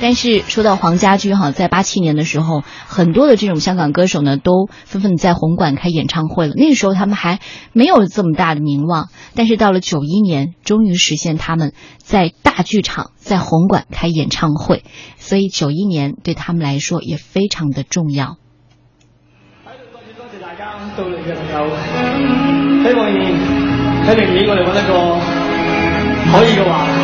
但是說到黃家駒哈，在八七年的時候，很多的這種香港歌手呢，都紛紛在紅館開演唱會了。那個時候他們還沒有這麼大的名望，但是到了九一年，終於實現他們在大劇場、在紅館開演唱會，所以九一年對他們來說也非常的重要。非常感謝大家到嚟嘅時候，希望你喺明年我哋揾一個可以嘅話。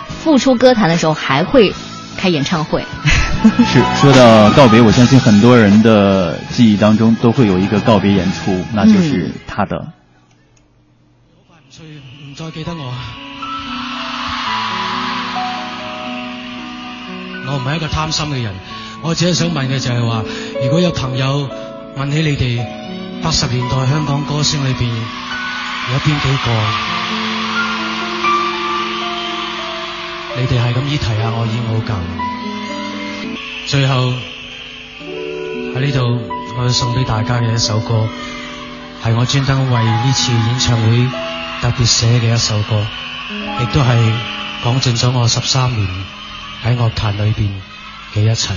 復出歌壇嘅時候，還會開演唱會。 是說到告別，我相信很多人的記憶當中都會有一個告別演出，那就是他的。嗯。唔再記得我，我唔係一個貪心嘅人，我只係想問嘅就係話，如果有朋友問起你哋八十年代香港歌星裏邊有邊幾個？你哋係咁依提下我，已經好夠。最後喺呢度，我要送俾大家嘅一首歌，係我專登為呢次演唱會特別寫嘅一首歌，亦都係講盡咗我十三年喺樂壇裏面嘅一切，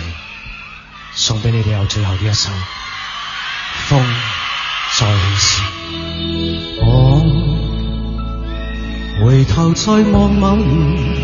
送俾你哋有最後呢一首《風再起時》，我、哦、回頭再望某年。